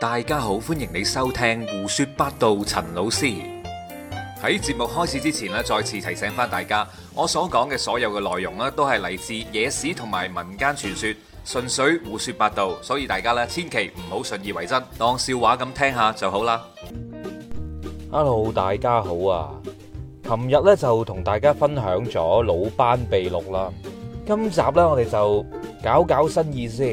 大家好，歡迎你收聽胡說八道。陳老師喺節目開始之前咧，再次提醒翻大家，我所講嘅所有嘅內容咧，都係嚟自野史同埋民間傳說，純粹胡說八道，所以大家咧千祈唔好信以為真，當笑話咁聽下就好啦。Hello，大家好啊！琴日咧就同大家分享咗魯班秘錄啦，今集咧我哋就搞搞新意思。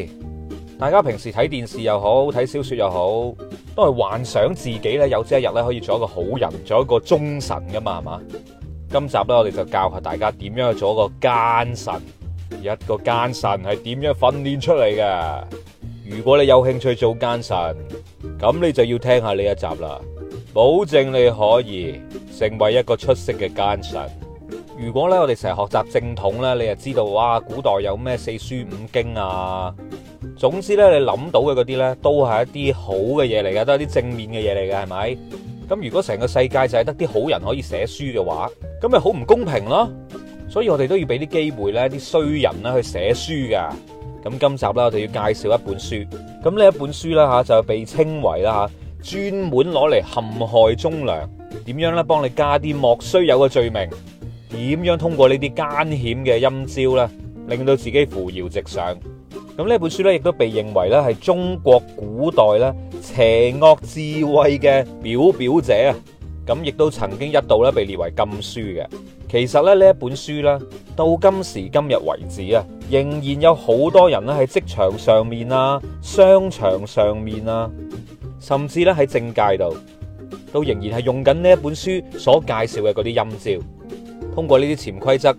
大家平時睇電視又好，睇小說又好，都係幻想自己咧有朝一日咧可以做一個好人，做一個忠臣噶嘛，係嘛？今集咧我哋就教下大家點樣做一個奸臣，一個奸臣係點樣訓練出嚟嘅？如果你有興趣做奸臣，咁你就要聽下呢一集啦，保證你可以成為一個出色嘅奸臣。如果咧我哋成日學習正統咧，你就知道哇，古代有咩四書五經啊？總之咧，你諗到嘅嗰啲咧，都係一啲好嘅嘢嚟噶，都係啲正面嘅嘢嚟嘅，係咪？咁如果成個世界就係得啲好人可以寫書嘅話，咁咪好唔公平咯。所以我哋都要俾啲機會咧，啲衰人啦去寫書噶。咁今集啦，我就要介紹一本書。咁呢一本書啦吓，就被稱為啦吓，專門攞嚟陷害忠良，點樣咧幫你加啲莫須有嘅罪名？點樣通過呢啲艱險嘅陰招咧，令到自己扶搖直上？咁呢一本書咧，亦都被認為咧係中國古代咧邪惡智慧嘅表表者啊！咁亦都曾經一度咧被列為禁書嘅。其實咧呢一本書咧，到今時今日為止啊，仍然有好多人咧喺職場上面啊、商場上面啊，甚至咧喺政界度，都仍然係用緊呢一本書所介紹嘅嗰啲陰招，通過呢啲潛規則，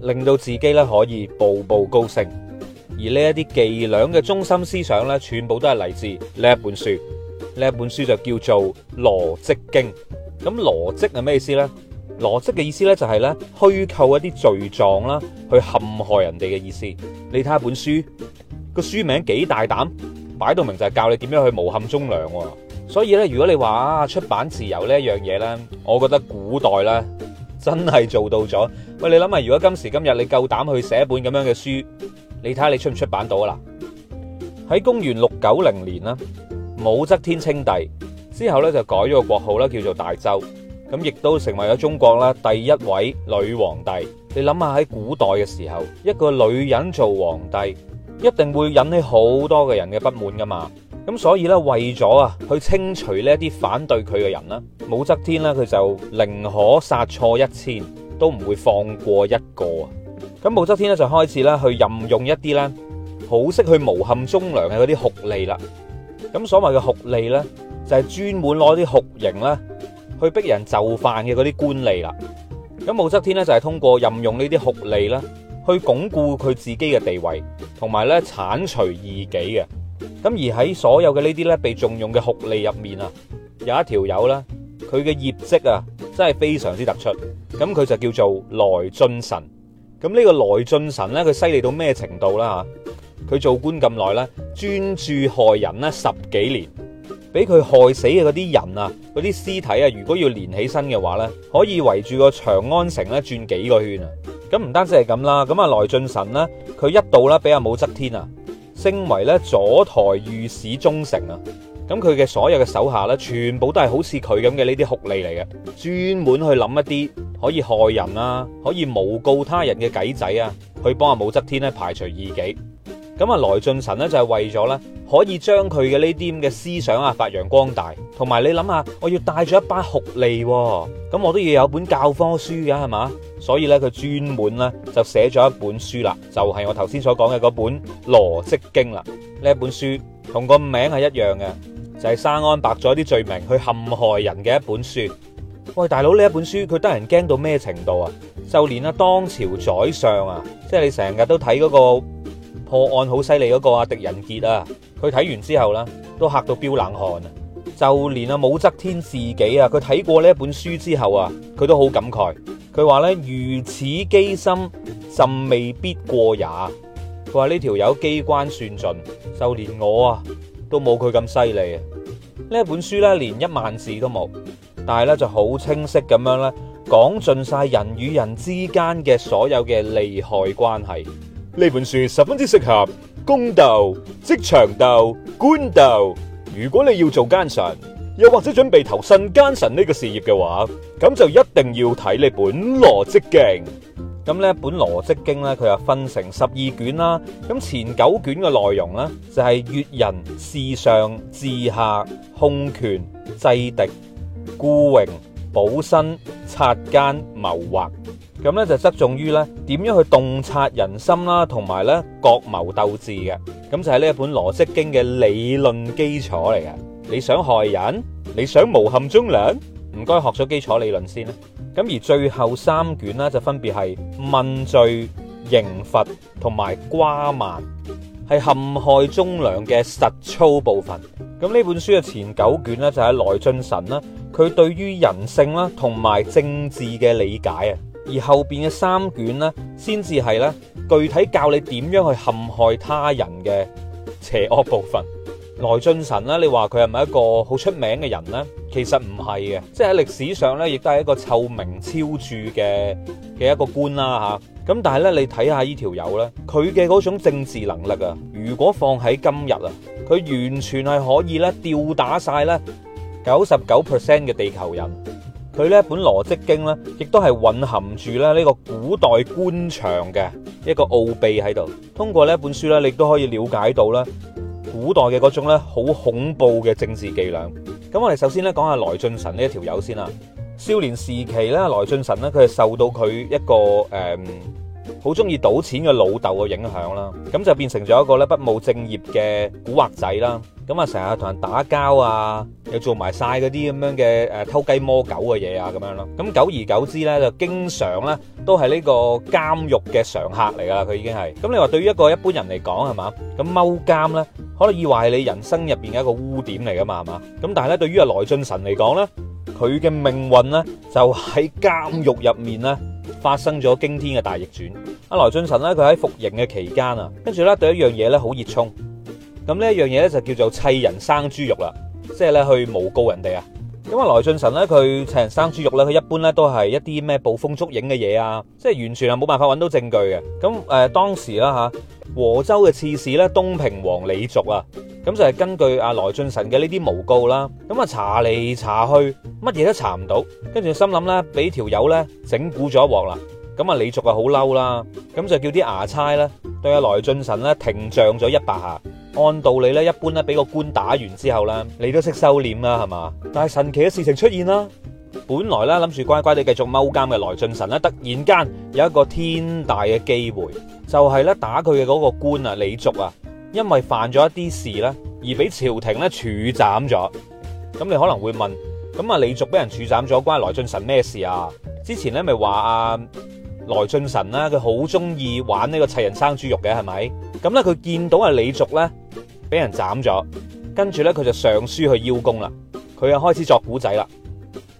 令到自己咧可以步步高升。而呢一啲伎倆嘅中心思想呢，全部都係嚟自呢一本書。呢一本書就叫做《羅織經》。咁、嗯、羅織係咩意思呢？「羅織嘅意思呢，就係咧虛構一啲罪狀啦，去陷害人哋嘅意思。你睇下本書個書名幾大膽，擺到明就係教你點樣去誣陷忠良。所以呢，如果你話啊出版自由呢一樣嘢呢，我覺得古代呢，真係做到咗。喂，你諗下，如果今時今日你夠膽去寫一本咁樣嘅書？你睇下你出唔出版到啊？喺公元六九零年啦，武則天稱帝之後咧，就改咗個國號啦，叫做大周。咁亦都成為咗中國啦第一位女皇帝。你諗下喺古代嘅時候，一個女人做皇帝，一定會引起好多嘅人嘅不滿㗎嘛。咁所以咧，為咗啊去清除呢一啲反對佢嘅人啦，武則天咧佢就寧可殺錯一千，都唔會放過一個啊。咁武則天咧就開始咧去任用一啲咧好識去誣陷忠良嘅嗰啲酷吏啦。咁所謂嘅酷吏咧就係專門攞啲酷刑咧去逼人就範嘅嗰啲官吏啦。咁武則天咧就係通過任用呢啲酷吏咧去鞏固佢自己嘅地位，同埋咧鏟除異己嘅。咁而喺所有嘅呢啲咧被重用嘅酷吏入面啊，有一條友咧佢嘅業績啊真係非常之突出。咁佢就叫做來俊臣。咁呢個來俊臣咧，佢犀利到咩程度啦？吓，佢做官咁耐咧，專注害人咧十幾年，俾佢害死嘅嗰啲人啊，嗰啲屍體啊，如果要連起身嘅話咧，可以圍住個長安城咧轉幾個圈啊！咁唔單止係咁啦，咁啊來俊臣咧，佢一度咧俾阿武則天啊，升為咧左台御史中丞啊。咁佢嘅所有嘅手下呢，全部都係好似佢咁嘅呢啲酷吏嚟嘅，專門去諗一啲可以害人啊，可以誣告他人嘅鬼仔啊，去幫阿武則天咧，排除異己。咁啊，來俊臣呢，就係、是、為咗呢，可以將佢嘅呢啲咁嘅思想啊發揚光大，同埋你諗下，我要帶住一班酷吏、啊，咁我都要有本教科書嘅係嘛，所以呢，佢專門呢，就寫咗一本書啦，就係、是、我頭先所講嘅嗰本《羅織經》啦。呢一本書同個名係一樣嘅。就係生安白咗啲罪名去陷害人嘅一本書。喂，大佬，呢一本書佢得人驚到咩程度啊？就連啊當朝宰相啊，即係你成日都睇嗰個破案好犀利嗰個啊狄仁傑啊，佢睇完之後呢，都嚇到飆冷汗啊！就連啊武則天自己啊，佢睇過呢一本書之後啊，佢都好感慨。佢話呢，如此機心，朕未必過也。佢話呢條友機關算盡，就連我啊！都冇佢咁犀利啊！呢本書咧，連一萬字都冇，但係咧就好清晰咁樣咧，講盡晒人與人之間嘅所有嘅利害關係。呢本書十分之適合公鬥、職場鬥、官鬥。如果你要做奸臣，又或者準備投身奸臣呢個事業嘅話，咁就一定要睇你本《羅織經》。咁呢本《羅織經》咧，佢就分成十二卷啦。咁前九卷嘅內容咧，就係閱人、事上、治下、控權、制敵、固榮、保身、察奸、謀劃。咁咧就側重於咧點樣去洞察人心啦，同埋咧各謀鬥智嘅。咁就係呢一本《羅織經》嘅理論基礎嚟嘅。你想害人，你想誣陷忠良？唔該學咗基礎理論先啦，咁而最後三卷呢，就分別係問罪、刑罰同埋瓜蔓，係陷害忠良嘅實操部分。咁呢本書嘅前九卷呢，就係來俊臣啦，佢對於人性啦同埋政治嘅理解啊，而後邊嘅三卷呢，先至係呢，具體教你點樣去陷害他人嘅邪惡部分。來俊臣啦，你話佢係咪一個好出名嘅人呢？其實唔係嘅，即係喺歷史上呢，亦都係一個臭名昭著嘅嘅一個官啦、啊、吓。咁但係呢，你睇下呢條友呢，佢嘅嗰種政治能力啊，如果放喺今日啊，佢完全係可以呢吊打晒呢九十九 percent 嘅地球人。佢呢本《羅織經》呢，亦都係蘊含住咧呢個古代官場嘅一個奧秘喺度。通過呢本書呢，你都可以了解到咧。古代嘅嗰種咧，好恐怖嘅政治伎倆。咁我哋首先咧講下來俊臣呢一條友先啦。少年時期咧，來俊臣咧，佢係受到佢一個誒好中意賭錢嘅老豆嘅影響啦。咁就變成咗一個咧不務正業嘅古惑仔啦。咁啊，成日同人打交啊，又做埋晒嗰啲咁樣嘅誒偷雞摸狗嘅嘢啊，咁樣咯。咁久而久之咧，就經常咧都係呢個監獄嘅常客嚟噶啦。佢已經係咁。你話對於一個一般人嚟講係嘛咁踎監咧？可以話係你人生入邊嘅一個污點嚟噶嘛，係嘛？咁但係咧，對，對於阿來俊臣嚟講咧，佢嘅命運咧就喺監獄入面咧發生咗驚天嘅大逆轉。阿來俊臣咧，佢喺服刑嘅期間啊，跟住咧對一樣嘢咧好熱衷。咁呢一樣嘢咧就叫做砌人生豬肉啦，即係咧去誣告人哋啊。咁啊，來俊臣咧，佢砌人生豬肉咧，佢一般咧都係一啲咩捕風捉影嘅嘢啊，即係完全係冇辦法揾到證據嘅。咁誒，當時啦吓。和州嘅刺史咧，東平王李續啊，咁就係根據阿來俊臣嘅呢啲誣告啦，咁啊查嚟查去，乜嘢都查唔到，跟住心諗呢，俾條友呢整蠱咗一鑊啦，咁啊李續啊好嬲啦，咁就叫啲衙差呢對阿來俊臣呢停杖咗一百下，按道理呢，一般呢俾個官打完之後呢，你都識收斂啦，係嘛？但係神奇嘅事情出現啦。本來咧諗住乖乖哋繼續踎監嘅來俊臣咧，突然間有一個天大嘅機會，就係咧打佢嘅嗰個官啊李族啊，因為犯咗一啲事啦，而俾朝廷咧處斬咗。咁你可能會問，咁啊李族俾人處斬咗，關來俊臣咩事啊？之前咧咪話啊來俊臣咧佢好中意玩呢個砌人生豬肉嘅係咪？咁咧佢見到啊李族咧俾人斬咗，跟住咧佢就上書去邀功啦，佢又開始作古仔啦。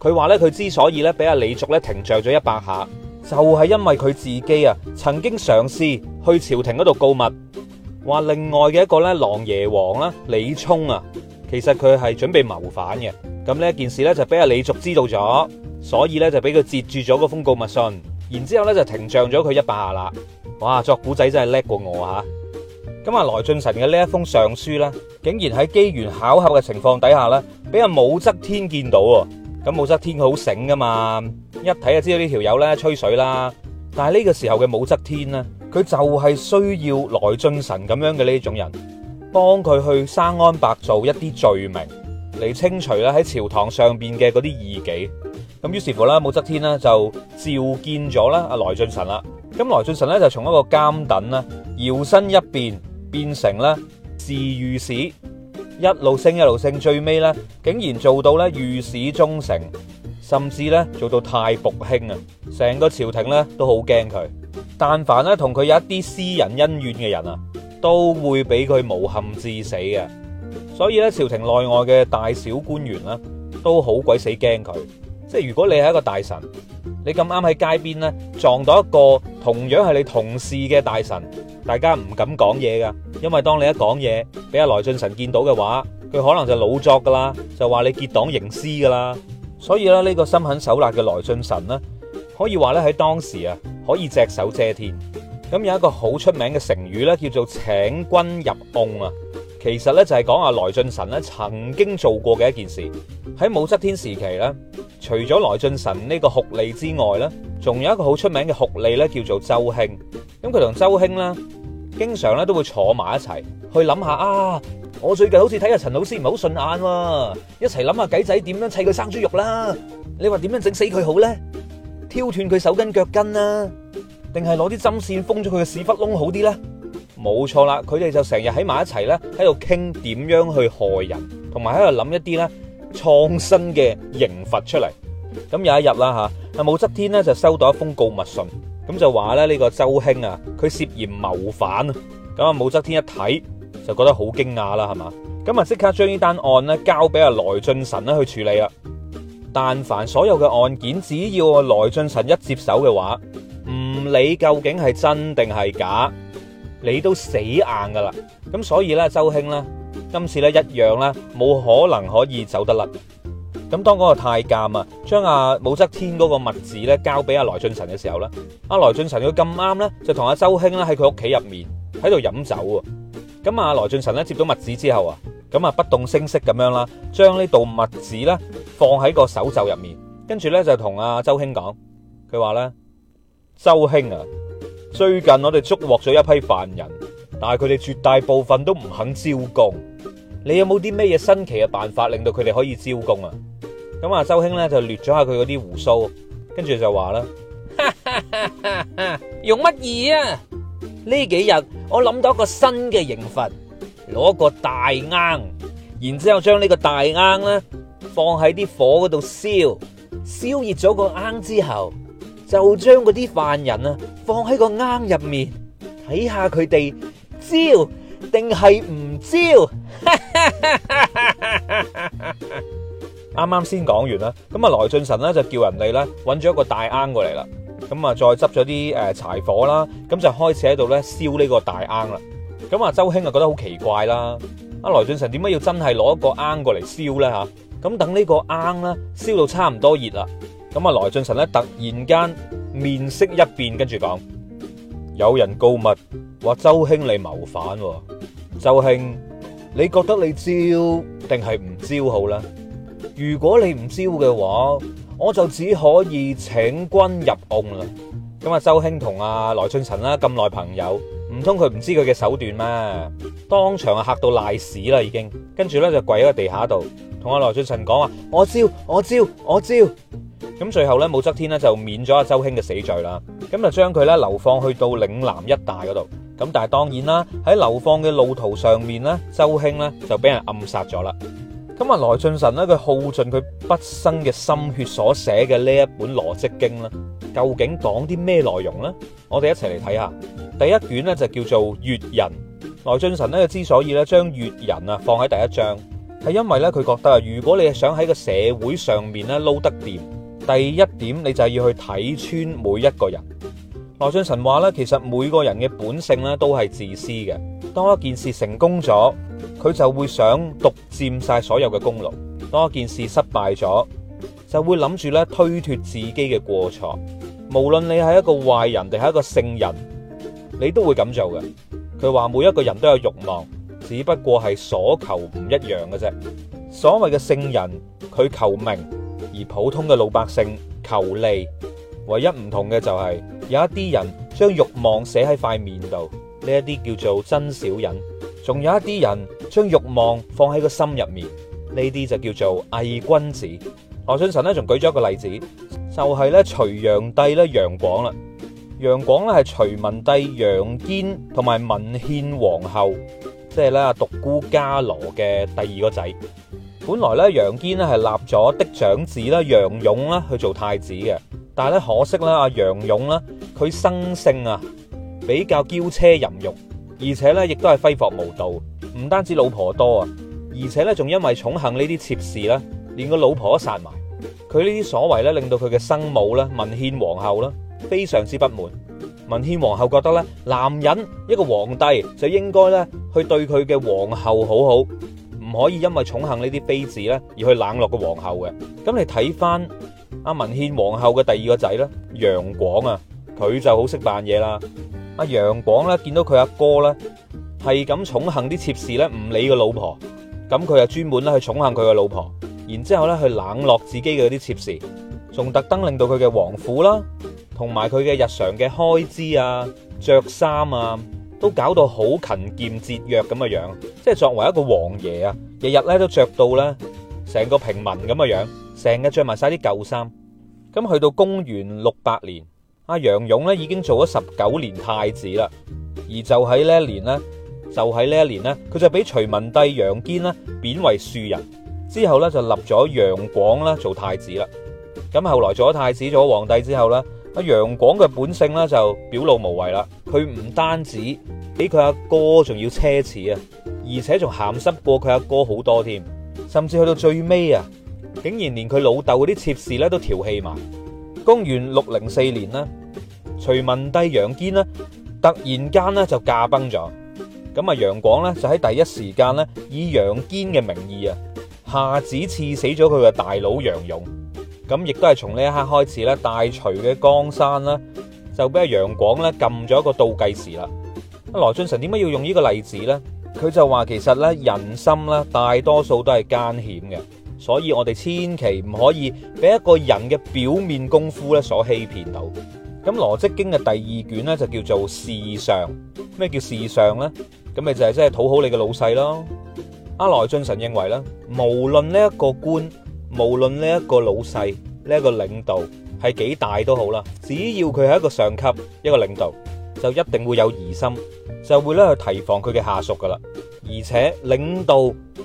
佢話咧，佢之所以咧俾阿李族咧停仗咗一百下，就係、是、因為佢自己啊曾經嘗試去朝廷嗰度告密，話另外嘅一個咧狼爺王啦李沖啊，其實佢係準備謀反嘅。咁呢件事咧就俾阿李族知道咗，所以咧就俾佢截住咗嗰封告密信，然之後咧就停仗咗佢一百下啦。哇，作古仔真係叻過我吓。咁啊，來俊臣嘅呢一封上書咧，竟然喺機緣巧合嘅情況底下咧，俾阿武則天見到。咁武則天好醒噶嘛，一睇就知道呢條友咧吹水啦。但係呢個時候嘅武則天呢，佢就係需要來俊臣咁樣嘅呢種人，幫佢去生安白做一啲罪名，嚟清除咧喺朝堂上邊嘅嗰啲異己。咁於是乎啦，武則天呢就召見咗啦阿來俊臣啦。咁來俊臣呢就從一個監躉呢搖身一變，變成啦侍御史。一路升一路升，最尾咧竟然做到咧御史中丞，甚至咧做到太僕卿啊！成個朝廷咧都好驚佢，但凡咧同佢有一啲私人恩怨嘅人啊，都會俾佢誣陷致死嘅。所以咧，朝廷內外嘅大小官員啦，都好鬼死驚佢。即係如果你係一個大臣，你咁啱喺街邊咧撞到一個同樣係你同事嘅大臣。大家唔敢講嘢噶，因為當你一講嘢，俾阿來俊臣見到嘅話，佢可能就老作噶啦，就話你結黨營私噶啦。所以咧，呢個心狠手辣嘅來俊臣呢，可以話呢喺當時啊，可以隻手遮天。咁有一個好出名嘅成語呢，叫做請君入瓮啊。其實呢，就係講阿來俊臣咧曾，曾經做過嘅一件事。喺武則天時期呢，除咗來俊臣呢個酷吏之外呢，仲有一個好出名嘅酷吏呢，叫做周興。咁佢同周興啦，經常咧都會坐埋一齊去諗下啊，我最近好似睇下陳老師唔係好順眼喎，啊，一齊諗下鬼仔點樣砌佢生豬肉跟跟，啊、啦，你話點樣整死佢好咧？挑斷佢手筋腳筋啦，定係攞啲針線封咗佢嘅屎忽窿好啲咧？冇錯啦，佢哋就成日喺埋一齊咧，喺度傾點樣去害人，同埋喺度諗一啲咧創新嘅刑罰出嚟。咁有一日啦吓，係、啊、武則天咧就收到一封告密信。咁就話咧呢個周興啊，佢涉嫌謀反啊！咁啊武則天一睇就覺得好驚訝啦，係嘛？咁啊即刻將呢單案咧交俾阿來俊臣啦去處理啦。但凡所有嘅案件，只要阿來俊臣一接手嘅話，唔理究竟係真定係假，你都死硬噶啦！咁所以咧，周興咧今次咧一樣咧，冇可能可以走得甩。咁當嗰個太監啊，將阿武則天嗰個密旨咧交俾阿來俊臣嘅時候咧，阿來俊臣佢咁啱咧就同阿周興咧喺佢屋企入面喺度飲酒啊。咁啊，來俊臣咧接到密旨之後啊，咁啊不動聲色咁樣啦，將呢度密旨咧放喺個手袖入面，跟住咧就同阿周興講，佢話咧：周興啊，最近我哋捉獲咗一批犯人，但係佢哋絕大部分都唔肯招供。你有冇啲咩嘢新奇嘅辦法令到佢哋可以招供啊？咁 啊，周興咧就掠咗下佢嗰啲鬍鬚，跟住就話啦：用乜嘢啊？呢幾日我諗到一個新嘅刑罰，攞個大罌，然之後將呢個大罌咧放喺啲火嗰度燒，燒熱咗個罌之後，就將嗰啲犯人啊放喺個罌入面，睇下佢哋招定係唔招。 啱啱先講完啦，咁啊，來俊臣咧就叫人哋咧揾咗一個大罌過嚟啦，咁啊再執咗啲誒柴火啦，咁就開始喺度咧燒呢個大罌啦。咁啊，周興啊覺得好奇怪啦，阿來俊臣點解要真係攞一個罌過嚟燒咧吓？咁等呢個罌啦燒到差唔多熱啦，咁啊來俊臣咧突然間面色一變，跟住講：有人告密，話周興你謀反。周興，你覺得你招定係唔招好咧？如果你唔招嘅話，我就只可以請君入瓮啦。咁啊，周興同阿來俊臣啦咁耐朋友，唔通佢唔知佢嘅手段咩？當場啊吓到賴屎啦已經，跟住咧就跪喺個地下度，同阿來俊臣講話：我招，我招，我招。咁最後咧，武則天咧就免咗阿周興嘅死罪啦。咁就將佢咧流放去到嶺南一帶嗰度。咁但係當然啦，喺流放嘅路途上面咧，周興咧就俾人暗殺咗啦。咁啊，來俊臣咧，佢耗盡佢畢生嘅心血所寫嘅呢一本《羅織經》啦，究竟講啲咩內容呢？我哋一齊嚟睇下。第一卷咧就叫做《閱人》。來俊臣咧之所以咧將《閱人》啊放喺第一章，係因為咧佢覺得啊，如果你係想喺個社會上面咧撈得掂，第一點你就係要去睇穿每一個人。來俊臣話咧，其實每個人嘅本性咧都係自私嘅。當一件事成功咗，佢就會想獨占晒所有嘅功勞；當一件事失敗咗，就會諗住咧推脱自己嘅過錯。無論你係一個壞人定係一個聖人，你都會咁做嘅。佢話每一個人都有欲望，只不過係所求唔一樣嘅啫。所謂嘅聖人，佢求名；而普通嘅老百姓求利。唯一唔同嘅就係，有一啲人將欲望寫喺塊面度。呢一啲叫做真小人，仲有一啲人將欲望放喺個心入面，呢啲就叫做偽君子。何想臣咧仲舉咗一個例子，就係咧隋煬帝咧楊廣啦，楊廣咧係隋文帝楊堅同埋文獻皇后，即係咧啊獨孤伽羅嘅第二個仔。本來咧楊堅咧係立咗嫡長子啦楊勇啦去做太子嘅，但係咧可惜咧阿楊勇呢，佢生性啊。比較驕奢淫慾，而且咧亦都係揮霍無度，唔單止老婆多啊，而且咧仲因為寵幸呢啲妾侍咧，連個老婆都殺埋。佢呢啲所為咧，令到佢嘅生母咧文獻皇后啦，非常之不滿。文獻皇后覺得咧，男人一個皇帝就應該咧去對佢嘅皇后好好，唔可以因為寵幸呢啲妃子咧而去冷落個皇后嘅。咁你睇翻阿文獻皇后嘅第二個仔咧楊廣啊，佢就好識扮嘢啦。阿楊廣咧，見到佢阿哥咧係咁寵幸啲妾侍咧，唔理個老婆，咁佢就專門咧去寵幸佢個老婆，然之後咧去冷落自己嘅啲妾侍，仲特登令到佢嘅王府啦，同埋佢嘅日常嘅開支啊、着衫啊，都搞到好勤儉節約咁嘅樣，即係作為一個王爺啊，日日咧都着到咧成個平民咁嘅樣，成日着埋晒啲舊衫，咁去到公元六百年。阿楊勇咧已經做咗十九年太子啦，而就喺呢一年咧，就喺呢一年咧，佢就俾隋文帝楊堅呢，貶為庶人，之後呢，就立咗楊廣啦做太子啦。咁後來做咗太子，做咗皇帝之後呢，阿楊廣嘅本性呢，就表露無遺啦。佢唔單止比佢阿哥仲要奢侈啊，而且仲鹹濕過佢阿哥好多添，甚至去到最尾啊，竟然連佢老豆嗰啲妾侍呢，都調戲埋。公元六零四年啦，隋文帝楊堅呢，突然間咧就駕崩咗，咁啊楊廣咧就喺第一時間咧以楊堅嘅名義啊，下旨賜死咗佢嘅大佬楊勇，咁亦都係從呢一刻開始咧，大隋嘅江山啦就俾阿楊廣咧撳咗一個倒計時啦。啊羅俊臣點解要用呢個例子咧？佢就話其實咧，人心啦大多數都係奸險嘅。所以我哋千祈唔可以俾一個人嘅表面功夫咧，所欺騙到。咁《羅織經》嘅第二卷咧就叫做「事上」。咩叫「事上」呢？咁咪就係即係討好你嘅老細咯。阿來俊臣認為啦，無論呢一個官，無論呢一個老細，呢一個領導係幾大都好啦，只要佢係一個上級，一個領導。就一定會有疑心，就會咧去提防佢嘅下屬噶啦。而且領導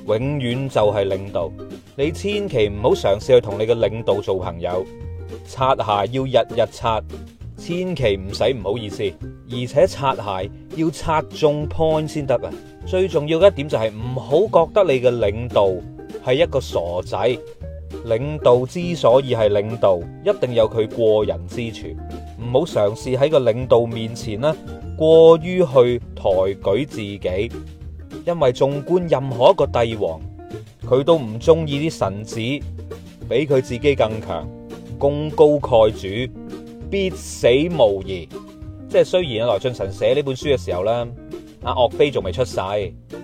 永遠就係領導，你千祈唔好嘗試去同你嘅領導做朋友。擦鞋要日日擦，千祈唔使唔好意思。而且擦鞋要擦中 point 先得啊！最重要嘅一點就係唔好覺得你嘅領導係一個傻仔。領導之所以係領導，一定有佢過人之處。唔好嘗試喺個領導面前咧，過於去抬舉自己，因為縱觀任何一個帝王，佢都唔中意啲臣子比佢自己更強，功高蓋主，必死無疑。即係雖然啊，來俊臣寫呢本書嘅時候咧，阿岳飛仲未出世，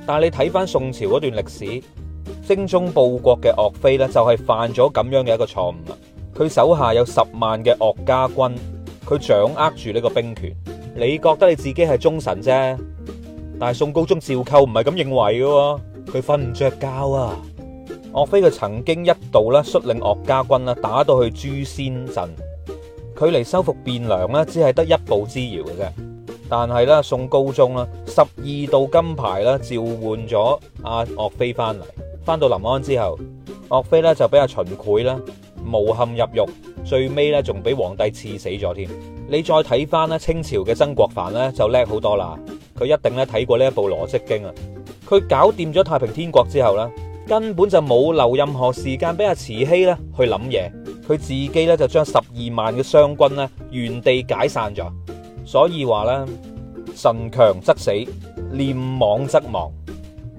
但係你睇翻宋朝嗰段歷史，精忠報國嘅岳飛咧，就係犯咗咁樣嘅一個錯誤啦。佢手下有十萬嘅岳家軍。佢掌握住呢個兵權，你覺得你自己係忠臣啫？但係宋高宗趙構唔係咁認為嘅，佢瞓唔着覺啊！岳飛佢曾經一度咧率領岳家軍啦，打到去朱仙鎮，距離收復汴梁咧只係得一步之遙嘅啫。但係咧宋高宗啦，十二道金牌啦，召喚咗阿岳飛翻嚟，翻到臨安之後，岳飛咧就俾阿秦檜啦，誣陷入獄。最尾咧，仲俾皇帝刺死咗添。你再睇翻咧，清朝嘅曾國藩咧就叻好多啦。佢一定咧睇過呢一部《羅織經》啊。佢搞掂咗太平天國之後咧，根本就冇留任何時間俾阿慈禧咧去諗嘢。佢自己咧就將十二萬嘅湘軍咧原地解散咗。所以話咧，神強則死，念妄則亡。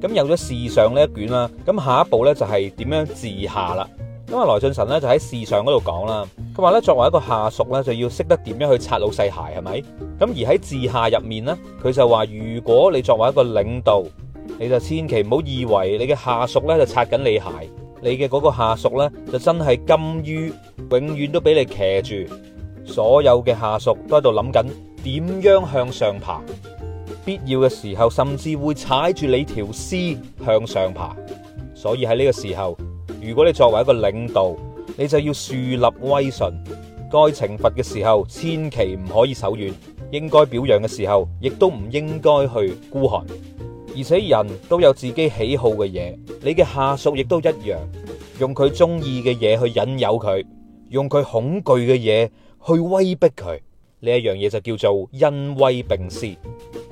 咁有咗事上呢一卷啦，咁下一步咧就係點樣治下啦。咁啊來俊臣咧就喺事上嗰度講啦，佢話咧，作為一個下屬咧就要識得點樣去擦老細鞋係咪？咁而喺治下入面咧，佢就話如果你作為一個領導，你就千祈唔好以為你嘅下屬咧就擦緊你鞋，你嘅嗰個下屬咧就真係甘於永遠都俾你騎住，所有嘅下屬都喺度諗緊點樣向上爬，必要嘅時候甚至會踩住你條屍向上爬，所以喺呢個時候。如果你作為一個領導，你就要樹立威信，該懲罰嘅時候千祈唔可以手軟，應該表揚嘅時候亦都唔應該去孤寒。而且人都有自己喜好嘅嘢，你嘅下屬亦都一樣，用佢中意嘅嘢去引誘佢，用佢恐懼嘅嘢去威逼佢，呢一樣嘢就叫做恩威並施。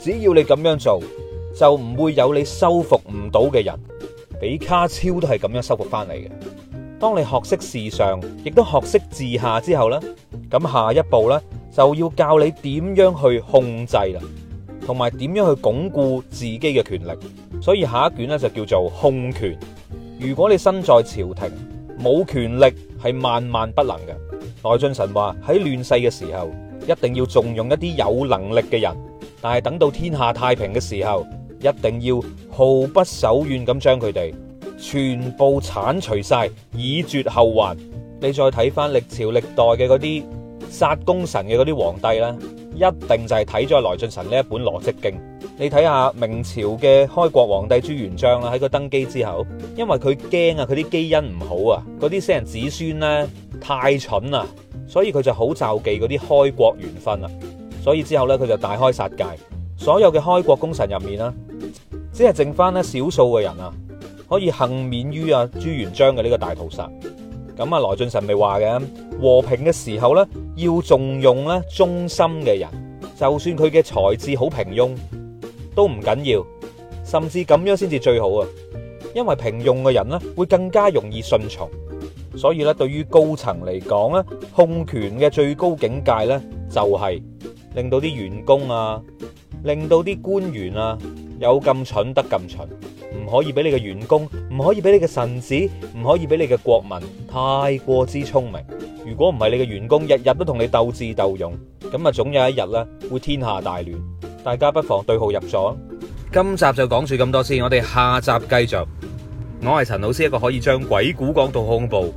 只要你咁樣做，就唔會有你收服唔到嘅人。比卡超都係咁樣收服翻嚟嘅。當你學識事上，亦都學識治下之後呢，咁下一步呢，就要教你點樣去控制啦，同埋點樣去鞏固自己嘅權力。所以下一卷呢，就叫做控權。如果你身在朝廷，冇權力係萬萬不能嘅。來俊臣話，喺亂世嘅時候，一定要重用一啲有能力嘅人，但係等到天下太平嘅時候。一定要毫不手軟咁將佢哋全部鏟除晒，以絕後患。你再睇翻歷朝歷代嘅嗰啲殺功臣嘅嗰啲皇帝呢，一定就係睇咗《來俊臣》呢一本《羅織經》。你睇下明朝嘅開國皇帝朱元璋啦，喺佢登基之後，因為佢驚啊，佢啲基因唔好啊，嗰啲先人子孫呢太蠢啊，所以佢就好就忌嗰啲開國元勳啊，所以之後呢，佢就大開殺戒，所有嘅開國功臣入面啦。只係剩翻咧，少數嘅人啊，可以幸免於啊朱元璋嘅呢個大屠殺。咁啊，羅俊臣咪話嘅和平嘅時候呢，要重用咧忠心嘅人，就算佢嘅才智好平庸都唔緊要，甚至咁樣先至最好啊。因為平庸嘅人呢，會更加容易順從，所以咧對於高層嚟講呢，控權嘅最高境界呢，就係令到啲員工啊，令到啲官員啊。有咁蠢得咁蠢，唔可以俾你嘅員工，唔可以俾你嘅臣子，唔可以俾你嘅國民太過之聰明。如果唔係你嘅員工日日都同你鬥智鬥勇，咁啊總有一日咧會天下大亂。大家不妨對號入座。今集就講住咁多先，我哋下集繼續。我係陳老師，一個可以將鬼故講到恐怖。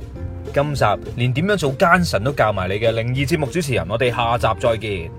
今集連點樣做奸臣都教埋你嘅靈異節目主持人，我哋下集再見。